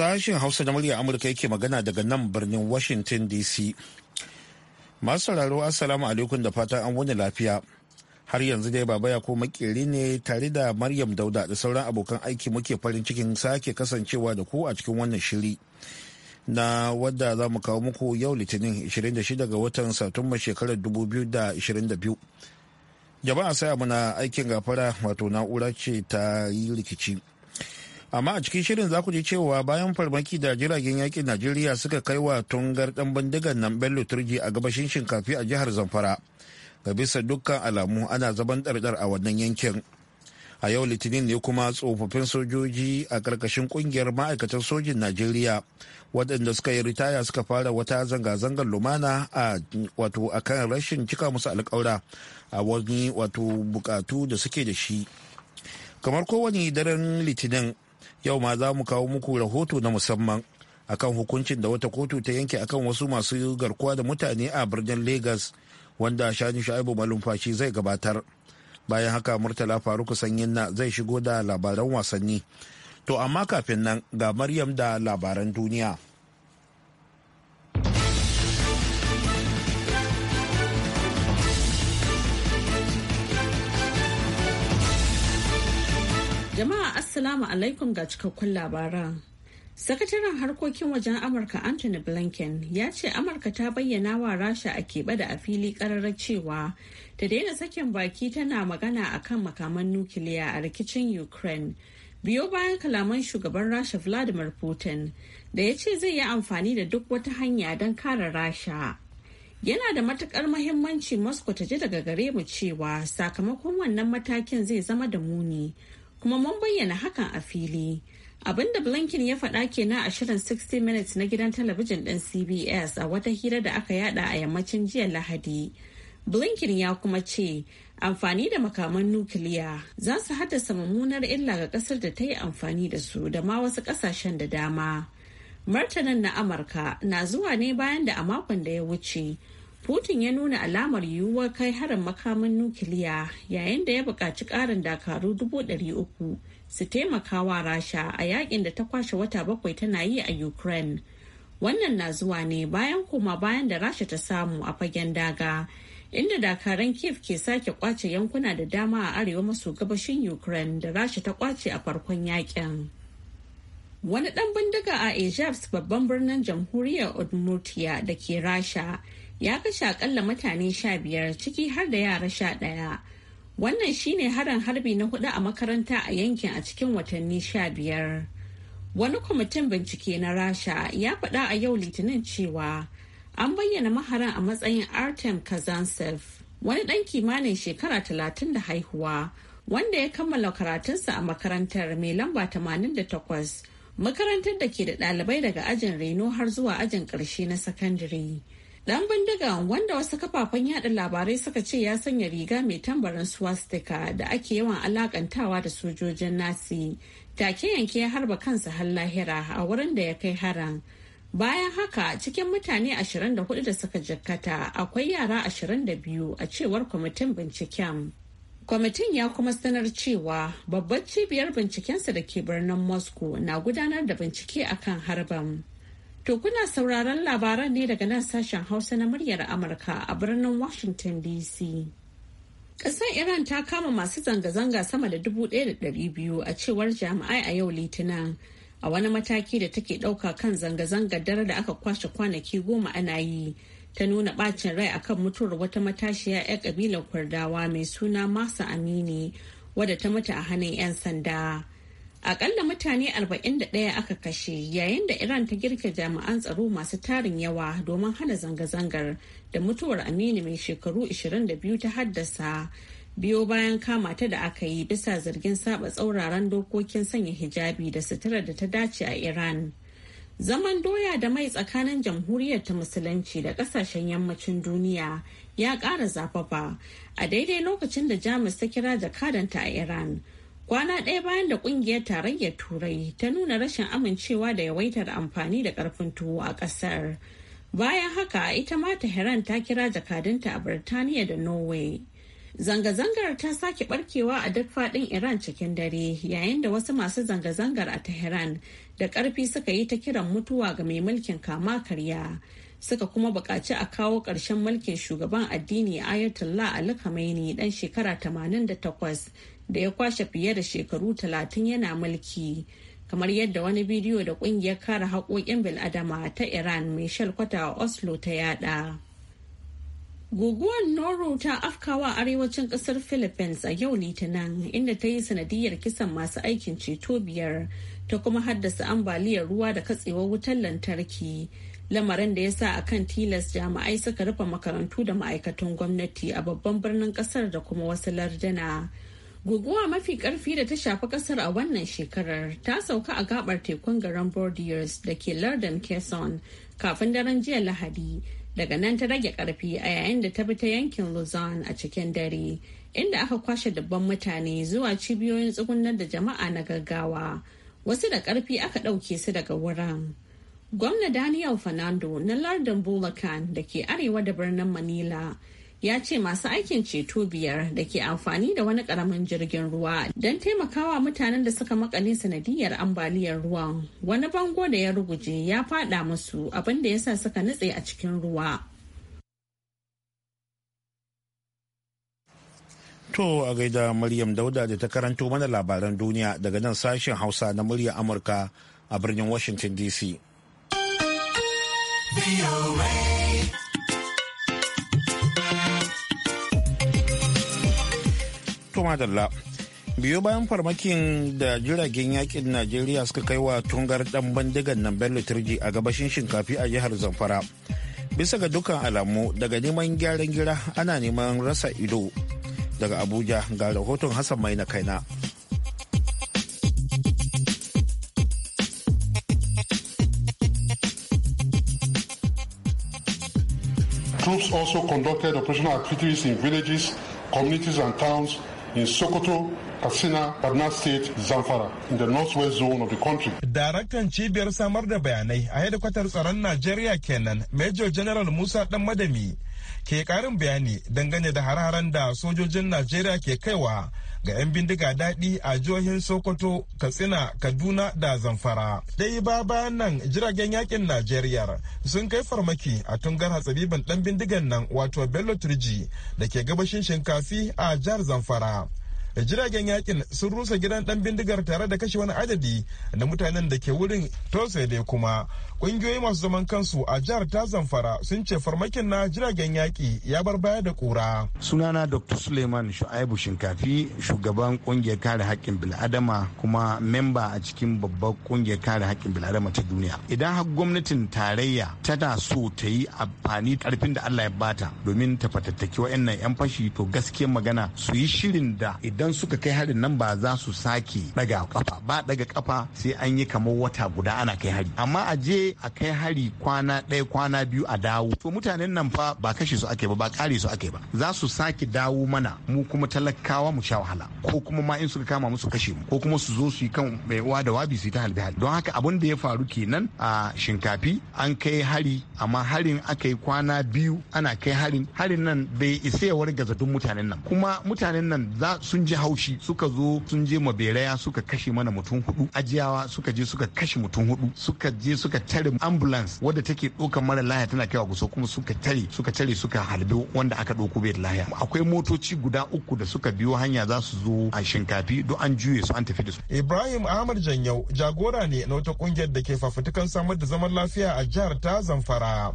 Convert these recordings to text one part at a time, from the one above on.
Sashen Hausa na murya Amurka yake magana daga nan birnin Washington DC. Masu sauraro Assalamu alaikum da fatan an wani lafiya. Har yanzu dai baba ya ko makeri ne tare da Maryam Dauda da sauran abokan aiki muke farin cikin sake kasancewa da ku a cikin wannan shiri. Na wadda za mu kawo muku yau Litinin 26 ga watan Satumba shekarar 2022. Jama'a sai muna aikin gafara wato na'ura ce ta yi rikici. amma a cikin shirin za ku ji cewa bayan farmaki da jiragen yakin najeriya suka kai wa tungar dan bindigar nan bello turji a gabashin shinkafi a jihar zamfara ga bisa dukkan alamu ana zaban ɗarɗar a wannan yankin a yau litinin ne kuma tsofaffin sojoji a ƙarƙashin ƙungiyar ma'aikatan sojin najeriya waɗanda suka yi ritaya suka fara wata zanga-zangar lumana a wato akan rashin cika musu alƙawura a wani wato bukatu da suke da shi kamar kowane daren litinin yau ma za mu kawo muku rahoto na musamman akan hukuncin da wata kotu ta yanke akan wasu masu garkuwa da mutane a birnin lagos wanda shani sha'ibu malumfashi zai gabatar bayan haka murtala faruku sanyin na zai shigo da labaran wasanni to amma kafin nan ga maryam da labaran duniya Jama'a Assalamu alaikum ga cikakkun labaran. Sakataren harkokin wajen Amurka Anthony Blinken ya ce Amurka ta bayyana wa Rasha a keɓe da a fili ƙararrar cewa ta daina sakin baki tana magana a kan makaman nukiliya a rikicin Ukraine. Biyo bayan kalaman shugaban Rasha Vladimir Putin da ya ce zai yi amfani da duk wata hanya don kare Rasha. yana da matukar mahimmanci moscow ta ji daga gare mu cewa sakamakon wannan matakin zai zama da muni kuma mun bayyana hakan a fili abinda blinken ya faɗa kenan a shirin 60 minutes na gidan talabijin ɗin cbs a wata hira da aka yada a yammacin jiya lahadi blinken ya kuma ce amfani da makaman nukiliya za su haddasa mummunar illa ga kasar da ta yi amfani da su da ma wasu kasashen da dama martanin na amurka na zuwa ne bayan da a makon da ya wuce Putin ya nuna alamar yiwuwar kai harin makamin nukiliya yayin da ya buƙaci ƙarin dakaru uku su taimaka wa Rasha a yakin da ta kwashe wata bakwai tana yi a Ukraine. Wannan na zuwa ne bayan koma bayan da Rasha ta samu a fagen daga, inda dakaran Kiev ke sake kwace yankuna da dama a arewa maso gabashin Ukraine da Rasha ta kwace a farkon yakin. Wani ɗan bindiga a Ejevs babban birnin jamhuriyar Udmurtia da ke Rasha ya kashe akalla mutane sha biyar ciki har da yara sha ɗaya. Wannan shine harin harbi na hudu a makaranta a yankin a cikin watanni sha biyar. Wani kwamitin bincike na Rasha ya faɗa a yau Litinin cewa an bayyana maharan a matsayin Artem kazansev wani ɗan kimanin shekara talatin da haihuwa, wanda ya kammala karatunsa a makarantar mai lamba 88, makarantar da ke da ɗalibai daga ajin reno har zuwa ajin ƙarshe na sakandare. Dan bindigan wanda wasu kafafen yada labarai suka ce ya sanya riga mai tambarin swastika da ake yawan alakantawa da sojojin nasi take yanke ya harba kansa har lahira a wurin da ya kai haran. Bayan haka cikin mutane 24 da suka jikkata akwai yara 22 a cewar kwamitin binciken. Kwamitin ya kuma sanar cewa babbar cibiyar bincikensa da ke birnin Moscow na gudanar da bincike akan harban. To kuna sauraron labaran ne daga nan sashen Hausa na muryar Amurka a birnin Washington DC. Ƙasar Iran ta kama masu zanga-zanga sama da dubu biyu a cewar jami'ai a yau Litinin. A wani mataki da take ɗauka kan zanga-zangar dare da aka kwashe kwanaki goma ana yi ta nuna ɓacin rai akan mutuwar wata matashiya 'yar ƙabilar Kwardawa mai suna Masa Amini wadda ta mutu a hannun 'yan sanda. Akalla mutane 41 aka kashe yayin da Iran ta girke jami'an tsaro masu tarin yawa domin hana zanga-zangar da mutuwar Aminu mai shekaru 22 ta haddasa. Biyo bayan kama ta da aka yi bisa zargin saba tsauraran dokokin sanya hijabi da sutura da ta dace a Iran. Zaman doya da mai tsakanin jamhuriyar ta musulunci da kasashen yammacin duniya ya ƙara zafafa a daidai lokacin da Jamus ta kira jakadanta a Iran. kwana ɗaya bayan da ƙungiyar tarayyar turai ta nuna rashin amincewa da yawaitar amfani da ƙarfin tuwo a ƙasar bayan haka ita ma tehran ta kira jakadunta a birtaniya da norway zanga-zangar ta sake barkewa a duk faɗin iran cikin dare yayin da wasu masu zanga-zangar a tehran da ƙarfi suka yi ta kiran mutuwa ga mai mulkin kama karya suka kuma buƙaci a kawo ƙarshen mulkin shugaban addini ayatollah ali khamenei dan shekara 88 da ya kwashe fiye da shekaru talatin yana mulki kamar yadda wani bidiyo da kungiyar kare haƙoƙin bil'adama ta iran mai shalkwata a oslo ta yada guguwar noro ta afkawa a arewacin kasar philippines a yau litinin inda ta yi sanadiyar kisan masu aikin ceto biyar ta kuma haddasa ambaliyar ruwa da katsewar wutar lantarki lamarin da ya sa a kan tilas jami'ai suka rufe makarantu da ma'aikatan gwamnati a babban birnin kasar da kuma wasu lardana. Guguwa mafi karfi da ta shafi kasar a wannan shekarar ta sauka a gabar tekun garin bordiers da ke lardin Quezon kafin daren jiya Lahadi. Daga nan ta rage karfi a yayin da ta bi ta yankin Luzon a cikin dare, inda aka kwashe dubban mutane zuwa cibiyoyin tsugunar da jama'a na gaggawa. Wasu da karfi aka ɗauke su daga wurin. Gwamna Daniel Fernando na lardin Bulacan da ke arewa da birnin Manila. ya ce masu aikin ceto biyar da ke amfani da wani karamin jirgin ruwa don taimakawa mutanen da suka makale sanadiyar ambaliyar ruwa wani bango da ya ruguje ya fada musu abinda ya sa suka nutse a cikin ruwa To a gaida Maryam Dauda da ta karanto mana labaran duniya daga nan sashen Hausa na murya Amurka a birnin Washington DC. to biyo bayan farmakin da jiragen yakin najeriya suka kai wa tungar dan bandigan nan bello turji a gabashin shinkafi a jihar zamfara bisa ga dukkan alamu daga neman gyaran gira ana neman rasa ido daga abuja ga rahoton hassan mai na kaina Troops also conducted operational activities in villages, communities and towns in Sokoto, Katsina, Kaduna State, Zamfara in the northwest zone of the country. Daraktan cibiyar samar da bayanai a hedikwatar tsaron Najeriya kenan, Major General Musa Dan Madami ke karin bayani dangane da hararen da sojojin najeriya ke kaiwa ga 'yan bindiga daɗi a jihohin sokoto katsina kaduna da zamfara dai ba bayan nan jiragen yakin najeriya sun kai farmaki a tungar hatsabibin ɗan bindigan nan wato bello turji da ke gabashin shinkafi a jihar zamfara jiragen yakin sun rusa gidan ɗan bindigar tare da kashe wani adadi na mutanen da ke wurin tosai dai kuma Ƙungiyoyi masu zaman kansu a jihar ta zamfara sun ce farmakin na jiragen yaƙi ya bar baya da ƙura. Sunana Dr. Suleiman Shu'aibu Shinkafi shugaban ƙungiyar kare haƙƙin bil'adama kuma memba a cikin babbar ƙungiyar kare haƙƙin bil'adama ta duniya. Idan har gwamnatin tarayya tana so ta yi amfani karfin da Allah ya bata domin ta fatattaki wa'annan 'yan fashi to gaskiya magana su yi shirin da idan suka kai harin nan ba za su sake daga kafa ba daga kafa sai an yi kamar wata guda ana kai hari amma a je a kai hari kwana ɗaya kwana biyu a dawo to mutanen nan fa ba kashe su ake ba ba kare su ake ba za su sake dawo mana mu kuma talakawa mu sha wahala ko kuma ma in suka kama musu kashe mu ko kuma su zo su yi kan mai uwa da wabi su yi ta halbe halbe don haka abin da ya faru kenan a shinkafi an kai hari amma harin aka yi kwana biyu ana kai harin harin nan bai isa ya wargaza duk mutanen nan kuma mutanen nan za sun ji haushi suka zo sun je maberaya suka kashe mana mutum hudu ajiyawa suka je suka kashe mutum hudu suka je suka ta tare ambulance wadda take ɗaukar mara lahiya tana kaiwa kusa kuma suka tare suka tare suka halbe wanda aka ɗauko bai da lahiya akwai motoci guda uku da suka biyo hanya za su zo a shinkafi don an juye su an tafi da su ibrahim ahmad janyau jagora ne na wata kungiyar da ke fafutukan samar da zaman lafiya a jihar ta zamfara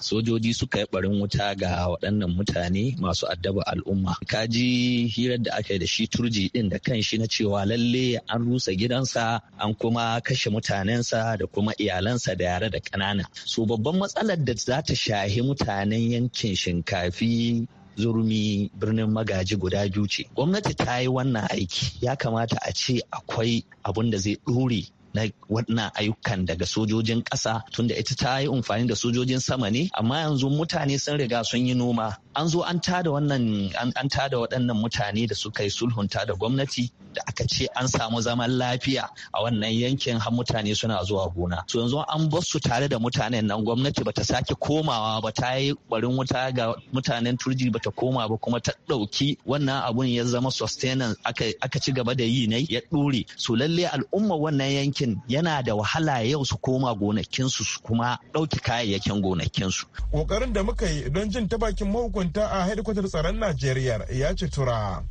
sojoji suka yi barin wuta ga waɗannan mutane masu addaba al'umma ka ji hirar da aka yi da shi turji ɗin da kan shi na cewa lalle an rusa gidansa an kuma kashe mutanensa da kuma iyalansa da yare da ƙanana so babban matsalar da za ta shahi mutanen yankin shinkafi zurmi birnin magaji guda biyu ce gwamnati ta yi wannan aiki ya kamata a ce akwai abin da zai ɗore na wannan ayyukan daga sojojin ƙasa tunda ita ta yi amfani da sojojin sama ne amma yanzu mutane sun riga sun yi noma an zo an tada wannan an tada waɗannan mutane da suka yi sulhunta da gwamnati da aka ce an samu zaman lafiya a wannan yankin har mutane suna zuwa gona to yanzu an bar su tare da mutanen nan gwamnati bata sake komawa ba ta yi barin wuta ga mutanen turji bata koma ba kuma ta ɗauki wannan abun ya zama sustenance aka ci gaba da yi ne ya ɗure so lalle al'umma wannan yankin yankin yana da wahala yau su koma gonakinsu su kuma ɗauki kayayyakin gonakinsu. Ƙoƙarin da muka yi don jin ta bakin mahukunta a hedikwatar tsaron Najeriya ya ci tura.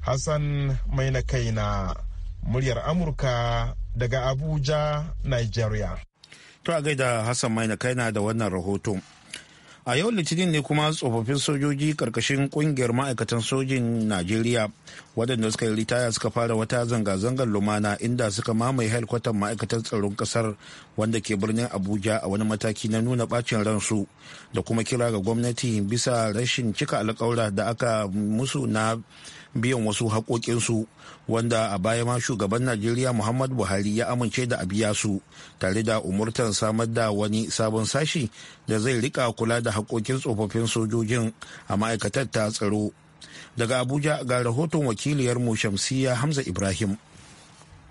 Hassan mai na kaina muryar Amurka daga Abuja, Najeriya. To a gaida Hassan mai na kaina da wannan rahoton. a yau litinin ne kuma tsofaffin sojoji karkashin kungiyar ma'aikatan sojin najeriya waɗanda suka yi ritaya suka fara wata zanga-zangar lumana inda suka mamaye helkwatan ma'aikatan tsaron ƙasar wanda ke birnin abuja a wani mataki na nuna ɓacin ransu da kuma kira ga gwamnati bisa rashin cika alƙawura da aka musu na biyan wasu haƙoƙinsu wanda a baya ma shugaban najeriya muhammad buhari ya amince da a biya su tare da umurtan samar da wani sabon sashi da zai rika kula da haƙoƙin tsofaffin sojojin a ma'aikatar ta tsaro daga abuja ga rahoton wakiliyarmu shamsiya hamza ibrahim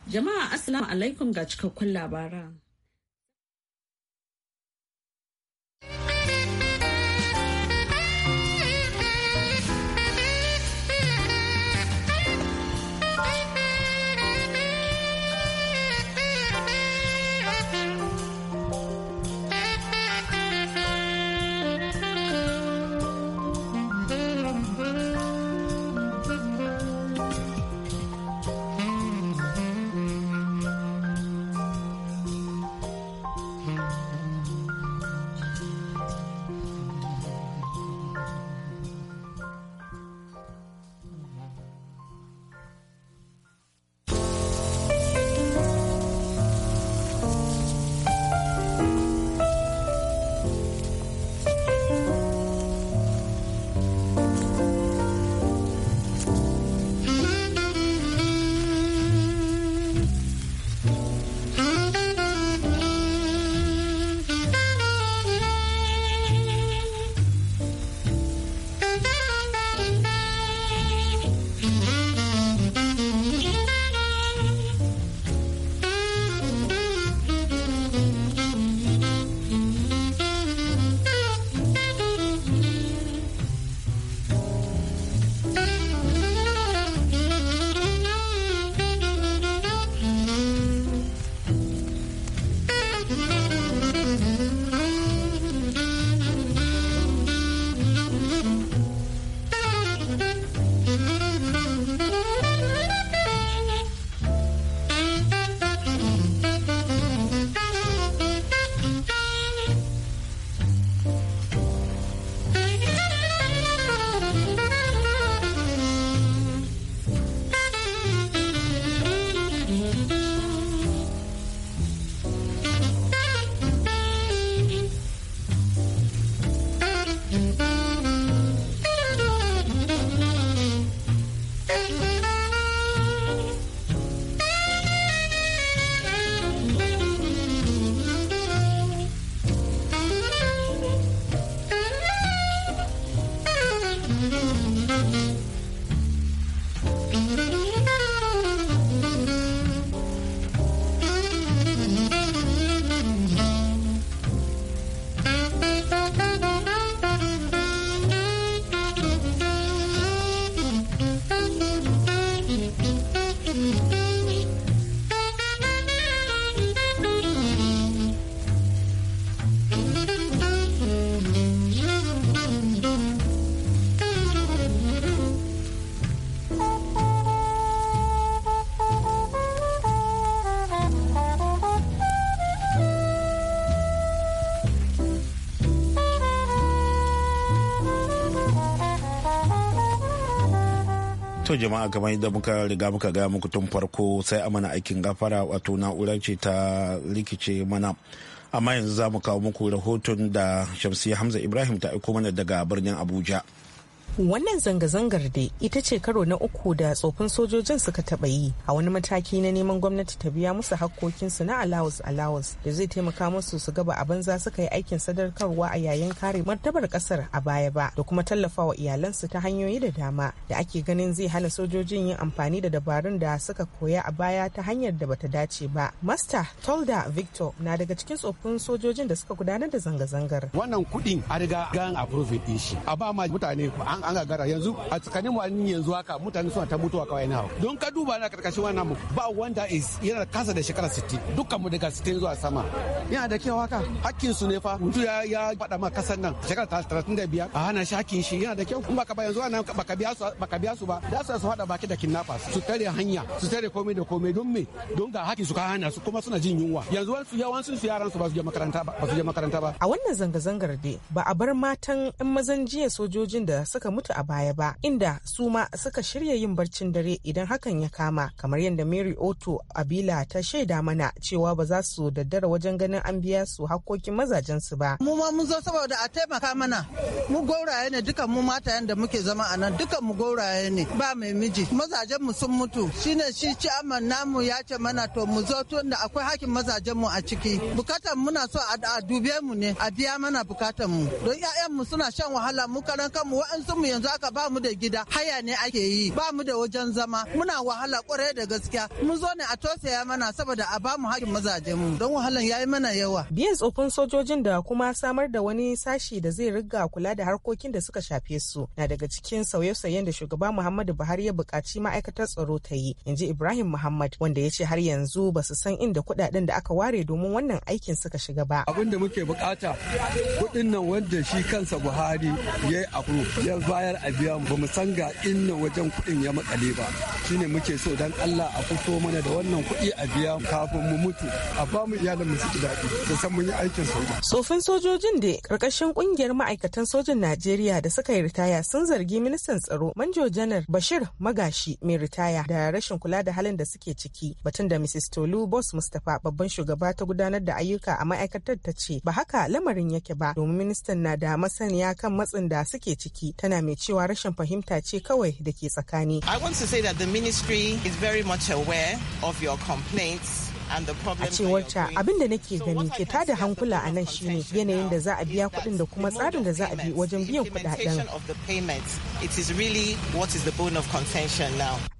jama'a assalamu alaikum ga cikakkun labaran to jama'a kamar yadda muka riga muka gaya muku tun farko sai a mana aikin gafara wato na'urar ce ta rikice mana amma yanzu za mu kawo muku rahoton da shamsi hamza ibrahim ta aiko mana daga birnin abuja Wannan zanga-zangar da ita ce karo na uku da tsofin sojojin suka taɓa yi a wani mataki na neman gwamnati ta biya musu hakkokinsu na alawus alawus da zai taimaka musu su gaba a banza suka yi aikin sadarkarwa a yayin kare martabar ƙasar a baya ba da kuma tallafa wa iyalansu ta hanyoyi da dama da ake ganin zai hana sojojin yin amfani da dabarun da suka koya a baya ta hanyar da bata dace ba. Masta Tolda Victor na daga cikin tsofin sojojin da suka gudanar da zanga-zangar. Wannan kuɗin a riga gan approve din shi. A ba ma mutane an an gagara yanzu a tsakanin mu yanzu haka mutane suna ta mutuwa kawai na don ka duba na karkashin wannan mu ba wanda is yana kasa da shekara 60 dukkan mu daga 60 zuwa sama yana da kyau haka hakkin su ne fa mutu ya ya faɗa ma kasan nan shekara 35 a hana shi hakkin shi yana da kyau kuma ka ba yanzu ka baka biya su baka biya su ba da su faɗa baki da kidnappers su tare hanya su tare komai da komai don me don ga hakkin su ka hana su kuma suna jin yunwa yanzu wasu yawansu su yaran su ba su je makaranta ba ba su je makaranta ba a wannan zanga-zangar dai ba a bar matan 'yan mazan jiya sojojin da suka suka mutu a baya ba inda su ma suka shirya yin barcin dare idan hakan ya kama kamar yadda mary oto abila ta shaida mana cewa ba za su daddara wajen ganin an biya su mazajen mazajensu ba mu ma mun zo saboda a taimaka mana mu gauraye ne dukan mu mata da muke zama a nan dukan mu gauraye ne ba mai miji mazajen mu sun mutu shine shi ci namu ya ce mana to mu zo tun da akwai hakin mazajen mu a ciki bukatan muna so a dube mu ne a biya mana bukatan mu don 'ya'yan mu suna shan wahala mu karan kanmu wa'ansu mu yanzu aka ba mu da gida haya ne ake yi ba mu da wajen zama muna wahala kwarai da gaskiya mun zo ne a tosaya mana saboda a ba mu hakkin mazajen mu don wahalan yayi mana yawa biyan tsofin sojojin da kuma samar da wani sashi da zai riga kula da harkokin da suka shafe su na daga cikin sauye-sauyen da shugaba Muhammadu Buhari ya buƙaci ma'aikatar tsaro ta yi inji Ibrahim Muhammad wanda ya ce har yanzu ba su san inda kuɗaɗen da aka ware domin wannan aikin suka shiga ba abin da muke bukata kuɗin nan wanda shi kansa Buhari ya yi yanzu bayar a biya mu san ga inna wajen kuɗin ya makale ba shi ne muke so dan Allah a fito mana da wannan kuɗi a biya kafin mu mutu a ba mu iyalan mu suke daɗi su san mun yi aikin soja tsofin sojojin da karkashin kungiyar ma'aikatan sojin Najeriya da suka yi ritaya sun zargi ministan tsaro Manjo Janar Bashir Magashi mai ritaya da rashin kula da halin da suke ciki batun da Mrs. Tolu Boss Mustapha babban shugaba ta gudanar da ayyuka a ma'aikatar ta ce ba haka lamarin yake ba domin ministan na da masaniya kan matsin da suke ciki tana mai cewa rashin fahimta ce kawai da ke tsakani. I want to say that the ministry is very much aware of your complaints A cewarta abin da nake gani ke da hankula a nan shine yanayin da za a biya kuɗin da kuma tsarin da za a bi wajen biyan kuɗaɗen.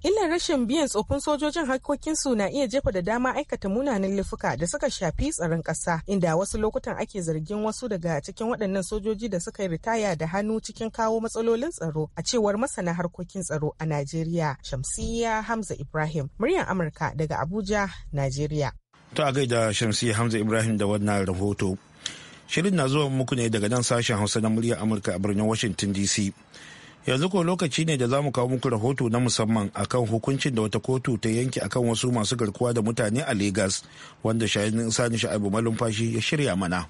Illar rashin biyan tsofin sojojin harkokinsu na iya jefa da dama aikata munanan laifuka da suka shafi tsaron ƙasa inda wasu lokutan ake zargin wasu daga cikin waɗannan sojoji da suka yi ritaya da hannu cikin kawo matsalolin tsaro a cewar masana harkokin tsaro a Najeriya. Shamsiyya Hamza Ibrahim, muryar Amurka daga Abuja, Najeriya. ta a gaida Shamsi Hamza Ibrahim da wannan rahoto. Shirin na zuwa muku ne daga nan sashen Hausa na murya Amurka a birnin Washington DC. Yanzu ko lokaci ne da za mu kawo muku rahoto na musamman akan hukuncin da wata kotu ta yanke akan wasu masu garkuwa da mutane a Legas wanda shayin Sani Sha'ibu Malumfashi ya shirya mana.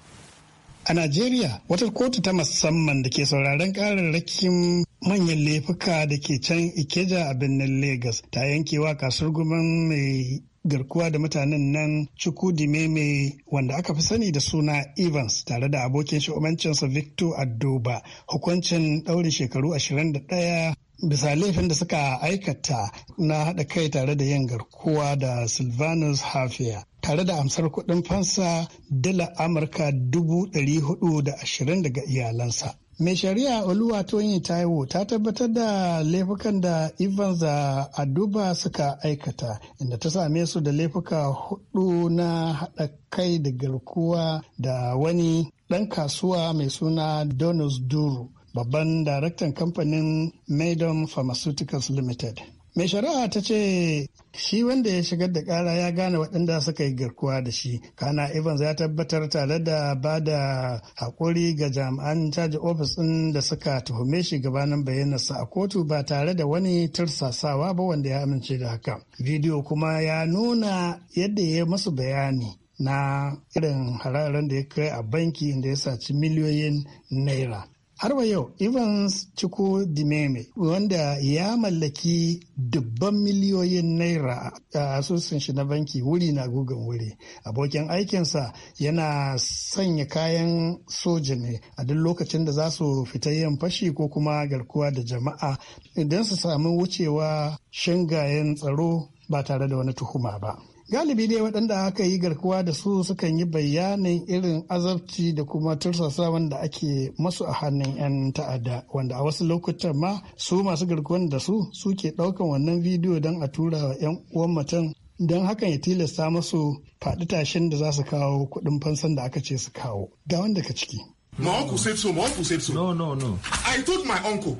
A Najeriya, wata kotu ta musamman da ke sauraron kararrakin manyan laifuka da ke can Ikeja a birnin Legas ta yankewa kasuwar mai garkuwa da mutanen nan Chukwudimeme wanda aka fi sani da suna Evans tare da abokin shugabancinsa Victor Adoba hukuncin ɗaure shekaru 21 bisa laifin da suka aikata na haɗa kai tare da yin garkuwa da Sylvanus Hafia. tare da amsar kuɗin fansa dala Amurka dubu ɗari hudu da ashirin daga iyalansa. mai shari'a toyin taiwo ta tabbatar da laifukan da evans da aduba suka aikata inda ta same su da laifuka hudu na haɗa kai da garkuwa da wani ɗan kasuwa mai suna donus duru babban daraktan kamfanin maidon pharmaceuticals limited mai shari'a ta ce shi wanda ya shigar da kara ya gane waɗanda suka yi garkuwa da shi kana evans ya tabbatar tare da ba da haƙuri ga jami'an caji ofis ɗin da suka tuhume shi gabanin bayyanarsa a kotu ba tare da wani tirsasawa ba wanda ya amince da haka bidiyo kuma ya nuna yadda ya masu bayani na irin hararen da ya kai a banki inda ya saci miliyoyin naira har wa yau evans ciko dimeme wanda ya mallaki dubban miliyoyin naira a asusun shi na banki wuri na gugan wuri abokin aikinsa yana sanya kayan soja ne a duk lokacin da za su fita yin fashi ko kuma garkuwa da jama'a idan su sami wucewa shingayen tsaro ba tare da wani tuhuma ba galibi ne waɗanda aka yi garkuwa da su sukan yi bayanin irin azabci da kuma tursasa wanda ake masu a hannun 'yan ta'adda wanda a wasu lokutan ma su masu garkuwan da su suke ɗaukan wannan bidiyo don a tura wa 'yan uwan mutum don hakan ya tilasta masu faɗi tashin da za su kawo kuɗin fansan da aka ce su kawo ga wanda ka ciki My no. uncle said so. My uncle said so. No, no, no. I told my uncle.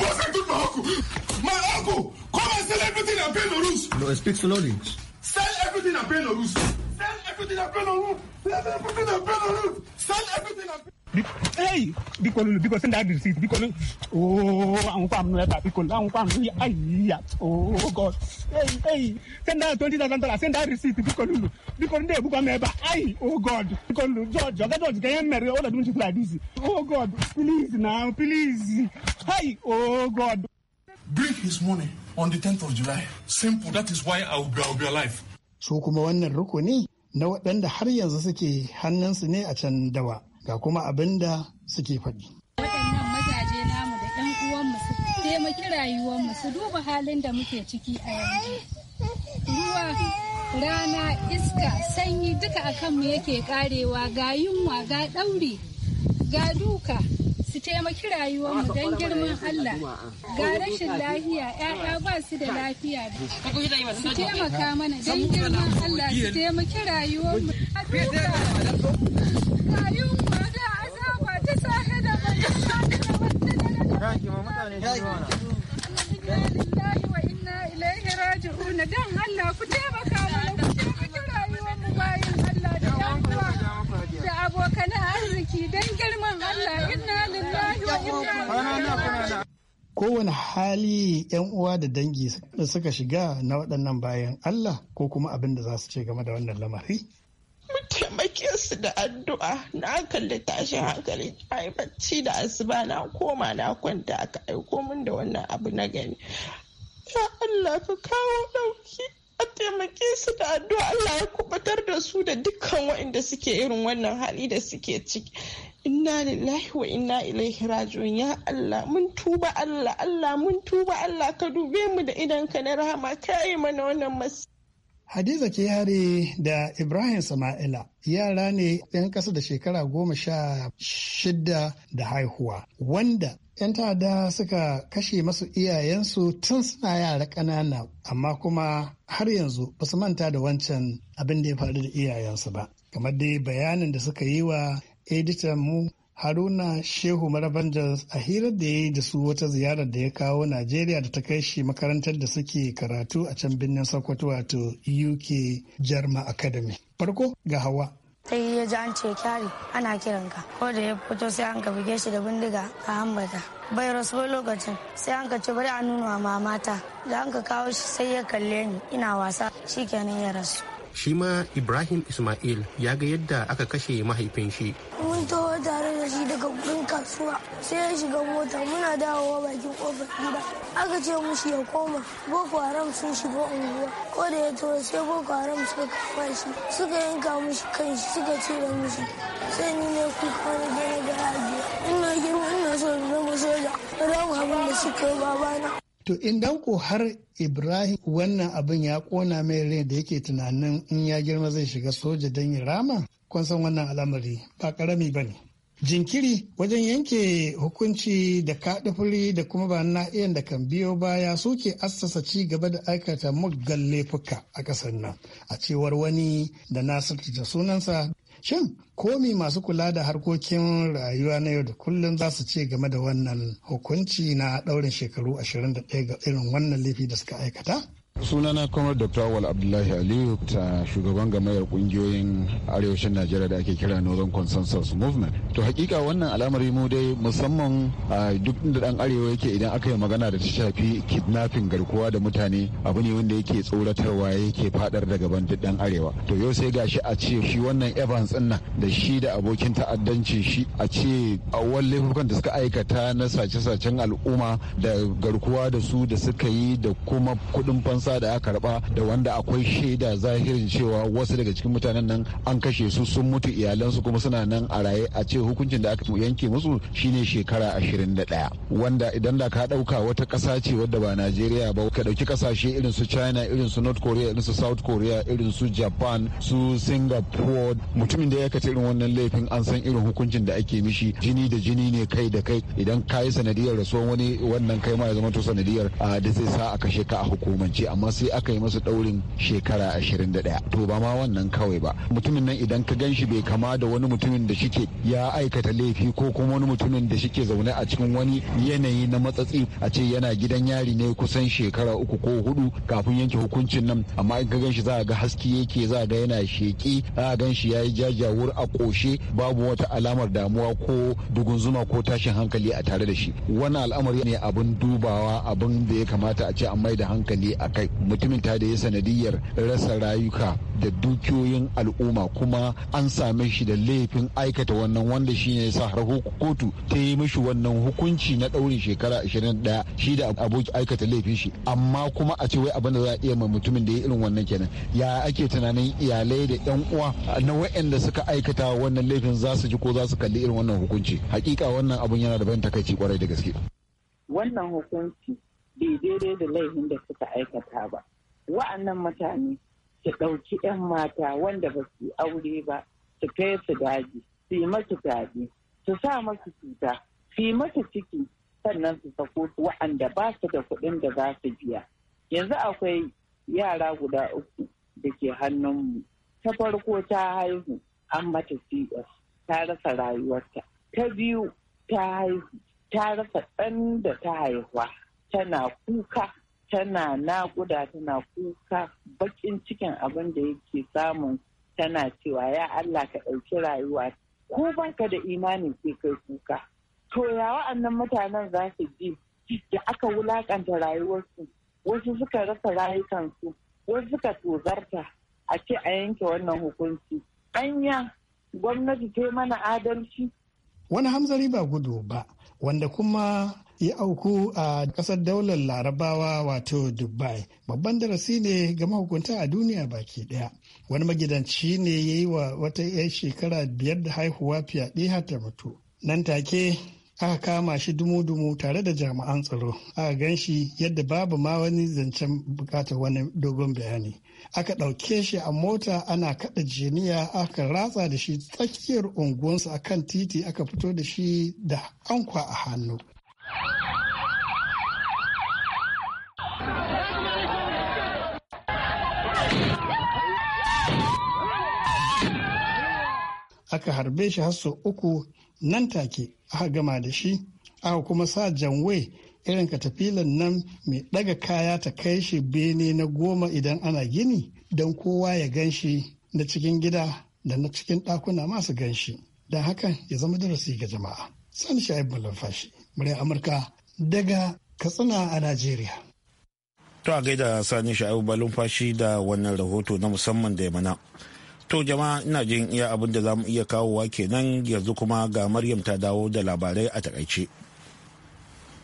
What I told my uncle? My uncle! Come and sell everything and pay the rules. No, speak slowly. Sell everything and pay no roof. Sell everything and pay no roof. Sell everything and pay no roof. Sell everything and pay Hey, bikolo biko send that receipt bikolo oh I'm fam no ever bikolo àwọn fam no oh god hey hey send that twenty thousand dollars send that receipt bikolo bikolo dey buka meba ayi oh god bikolo george oga george kẹyẹ mẹrin all of them should like this oh god please now please ayi oh god. bring his money on the 10th of July. Simple, that is why I will be, I will be alive. Su kuma wannan rukuni na waɗanda har yanzu suke hannunsu ne a can dawa ga kuma abin da suke faɗi. Waɗannan mazaje namu da ɗan uwanmu su taimaki rayuwarmu su duba halin da muke ciki a yanzu. Ruwa, rana, iska, sanyi duka akan mu yake ƙarewa ga yunwa ga ɗauri ga duka. su taimaki rayuwar mu don girman Allah ah. ga rashin lafiya ƴaƴa ba su da lafiya su taimaka mana don girman Allah su taimaki rayuwar mu a duka rayuwar mu da azaba ta sahe da bayan da wata daga da lillahi wa inna ilaihi raji'un dan Allah ku taimaka abokan arziki don girman Allah inna lillahi wa inna Kowane hali 'yan uwa da dangi da suka shiga na waɗannan bayan Allah ko kuma abin da za su ce game da wannan lamari? taimake su da addu'a na kalli tashin hankali ai bacci da asuba na koma na kwanta aka aiko min da wannan abu na gani ya Allah ka kawo ɗauki a taimake su da addu'a Allah ya kubatar da su da dukkan waɗanda suke irin wannan hali da suke ciki inna lillahi wa inna ilaihi raji'un ya Allah mun tuba Allah Allah mun tuba Allah ka dube mu da ka na rahama kai mana wannan mas Hadiza yare da Ibrahim Sama'ila yara ne 'yan ƙasa da shekara goma sha shida da haihuwa wanda 'yan ta'adda suka kashe masu iyayensu tun suna yara ƙanana amma kuma har yanzu ba su manta da wancan abin da ya faru da iyayensu ba kamar dai bayanin da suka yi wa editan mu haruna shehu marabanjas a hirar da ya yi da su wata ziyarar da ya kawo najeriya da ta kai shi makarantar da suke karatu a can birnin sokoto wato uk jarma academy farko ga hawa sai ya ji an ce kyari ana kiranka ko da ya fito sai an ka buge shi da bindiga a hambata bai rasu ba lokacin sai an ka ce bari a nuna mamata da an ka kawo shi sai ya kalle ni ina wasa shi kenan ya rasu shi ma ibrahim ismail ya ga yadda aka kashe mahaifin shi mun taho tare da shi daga gurin kasuwa sai ya shiga mota muna dawowa bakin kofar gida aka ce mushi ya koma boko haram sun shiga unguwa ko da ya taho sai boko haram suka kafa shi suka yanka mushi kan shi suka cire mushi sai ni ne kuka wani gani da hajji. ina girma ina so zama soja abin da suka yi babana To idan ko har Ibrahim wannan abin ya kona mai rai da yake tunanin in ya girma zai shiga soja don ya rama, kun san wannan al'amari ba karami ba ne. Jinkiri wajen yanke hukunci da kaɗufuri da kuma ba na iyan da kan biyo baya suke assasa ci gaba da aikata muggan laifuka a ƙasar nan a cewar wani da nasir da sunansa Shin komi masu kula da harkokin rayuwa na yau da kullum za su ce game da wannan hukunci na ɗaurin shekaru 21 ga irin wannan laifi da suka aikata? sunana kamar dr wal abdullahi aliyu ta shugaban gamayar kungiyoyin arewacin najeriya da ake kira northern consensus movement to hakika wannan al'amari mu dai musamman a duk da dan arewa yake idan aka yi magana da ta shafi kidnapping garkuwa da mutane abu ne wanda yake tsoratarwa yake fadar da gaban duk dan arewa to yau sai gashi a ce shi wannan evans din nan da shi da abokin ta'addanci shi a ce a laifukan da suka aikata na sace-sacen al'umma da garkuwa da su da suka yi da kuma kuɗin fansa kasa da aka karba da wanda akwai shaida zahirin cewa wasu daga cikin mutanen nan an kashe su sun mutu iyalansu kuma suna nan a raye a ce hukuncin da aka yanke musu shine shekara 21 wanda idan da ka dauka wata kasa ce wadda ba Najeriya ba ka dauki kasashe irin su China irin su North Korea irin su South Korea irin su Japan su Singapore mutumin da ya kace irin wannan laifin an san irin hukuncin da ake mishi jini da jini ne kai da kai idan ka yi sanadiyar rasuwa wani wannan kai ma ya zama to sanadiyar ah, da zai sa a kashe ka a hukumance amma sai aka yi masa daurin shekara 21 to ba ma wannan kawai ba mutumin nan idan ka ganshi bai kama da wani mutumin da shike ya aikata laifi ko kuma wani mutumin da shike zaune a cikin wani yanayi na matsatsi a ce yana gidan yari ne kusan shekara uku ko hudu kafin yanke hukuncin nan amma in ka ganshi za a ga haske yake za a ga yana sheki za a gan shi ya yi jajawur a koshe babu wata alamar damuwa ko dugun zuma ko tashin hankali a tare da shi wani al'amari ne abin dubawa abin da ya kamata a ce an mai da hankali a kai mutumin ta da ya sanadiyar rasa rayuka da dukiyoyin al'umma kuma an same shi da laifin aikata wannan wanda shi ne sa har kotu ta yi mishi wannan hukunci na ɗaurin shekara 21 shi da aboki aikata laifin shi amma kuma a ce wai abin da za a iya ma mutumin da ya irin wannan kenan ya ake tunanin iyalai da yan uwa na waɗanda suka aikata wannan laifin za su ji ko za su kalli irin wannan hukunci hakika wannan abun yana da ban takaici kwarai da gaske wannan hukunci bai daidai da laifin da suka aikata ba wa'annan mutane su ɗauki 'yan mata wanda ba su aure ba su kai su daji su yi masu daji su sa masu cuta su yi masu ciki sannan su sako su wa'anda ba su da kuɗin da za su biya yanzu akwai yara guda uku da ke hannunmu ta farko ta haihu an mata cs ta rasa rayuwarta ta biyu ta haihu ta rasa ɗan da ta haihuwa tana kuka tana naƙuda tana kuka bakin cikin abin da yake samun tana cewa ya Allah ka ɗauki rayuwa ko baka da imanin sai kai kuka to ya wa'annan mutanen za su ji da aka wulakanta rayuwarsu wasu suka rasa rayukansu wasu suka tozarta a ce a yanke wannan hukunci anya gwamnati ta mana adalci wani hamzari ba gudu ba wanda kuma ya auku a kasar daular larabawa wato dubai babban darasi ne ga mahukunta a duniya baki daya wani magidanci ne ya yi wa wata 'yan shekara biyar da haihuwa fyaɗe har ta mutu nan take aka kama shi dumu-dumu tare da jami'an tsaro aka gan shi yadda babu ma wani zancen bukatar wani dogon bayani aka ɗauke shi a mota ana kaɗa jiniya aka ratsa da shi tsakiyar unguwansa akan titi aka fito da shi da ankwa a hannu aka harbe shi har sau uku nan take aka gama da shi aka kuma sa janwe irin katafilan nan mai ɗaga kaya ta kai shi bene na goma idan ana gini don kowa ya gan shi na cikin gida da na cikin ɗakuna masu gan shi don hakan ya zama darasi ga jama'a sani sha'ib malamfashi murya amurka daga katsina a najeriya to a gaida sani sha'ib balumfashi da wannan rahoto na musamman da ya mana To jama'a ina jin iya abin da za mu iya kawowa kenan yanzu kuma ga Maryam ta dawo da labarai a takaice.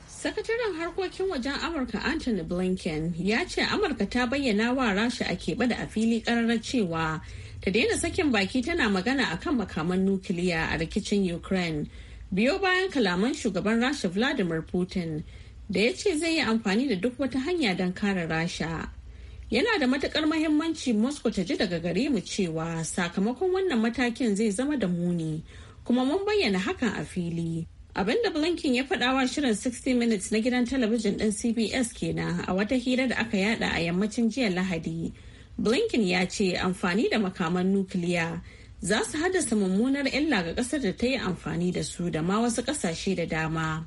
Sakataren harkokin wajen Amurka Anthony Blinken ya ce Amurka ta bayyana wa rasha a keɓe da a fili ƙararra cewa ta daina sakin baki tana magana a kan makaman nukiliya a rikicin Ukraine. Biyo bayan kalaman shugaban rasha Vladimir Putin da ya ce zai yi amfani da duk wata hanya don kare rasha. yana da matukar mahimmanci moscow ta ji daga gare mu cewa sakamakon wannan matakin zai zama da muni kuma mun bayyana hakan a fili abin da blinken ya faɗawa shirin 60 minutes na gidan talabijin ɗin cbs kenan a wata hira da aka yada a yammacin jiya lahadi blinken ya ce amfani da makaman nukiliya za su haddasa mummunar illa ga ƙasar da ta yi amfani da su da ma wasu ƙasashe da dama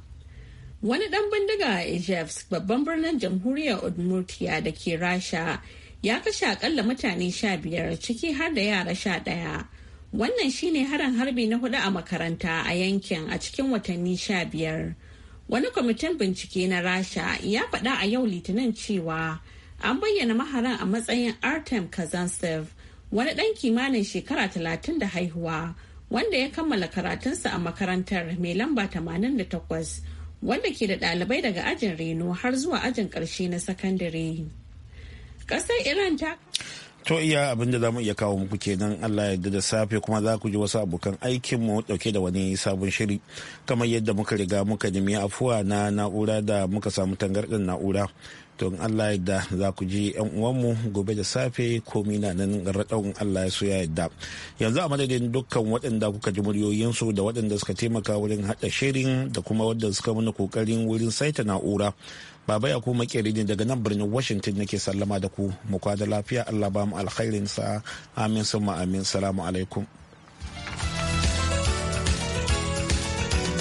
wani dan bindiga a babban birnin jamhuriyar Udmurtia da ke Rasha ya kashe akalla mutane sha biyar ciki har da yara sha ɗaya. Wannan shine harin harbi na hudu a makaranta a yankin a cikin watanni sha biyar. Wani kwamitin bincike na Rasha ya faɗa a yau Litinin cewa an bayyana maharan a matsayin Artem kazansev wani ɗan kimanin shekara talatin da haihuwa, wanda ya kammala karatunsa a makarantar mai lamba 88 wanda ke da dalibai daga ajin reno har zuwa ajin karshe na sakandare. Ƙasar Iran ta To iya abin da za mu iya kawo muku kenan Allah yarda da safe kuma za ku ji wasu abokan aikin mu dauke da wani sabon shiri kamar yadda muka riga muka nemi afuwa na na'ura da muka samu tangardin na'ura don allah yadda za ku ji yan uwanmu gobe da safe komi na nan raɗon allah ya soya yadda yanzu a madadin dukkan waɗanda kuka ji muryoyinsu da waɗanda suka taimaka wurin haɗa shirin da kuma wadda suka mana kokarin wurin saita na'ura baba ya kuma makeri ne daga nan birnin washington nake sallama da ku mu kwada lafiya allah ba mu alkhairinsa amin ma amin salamu alaikum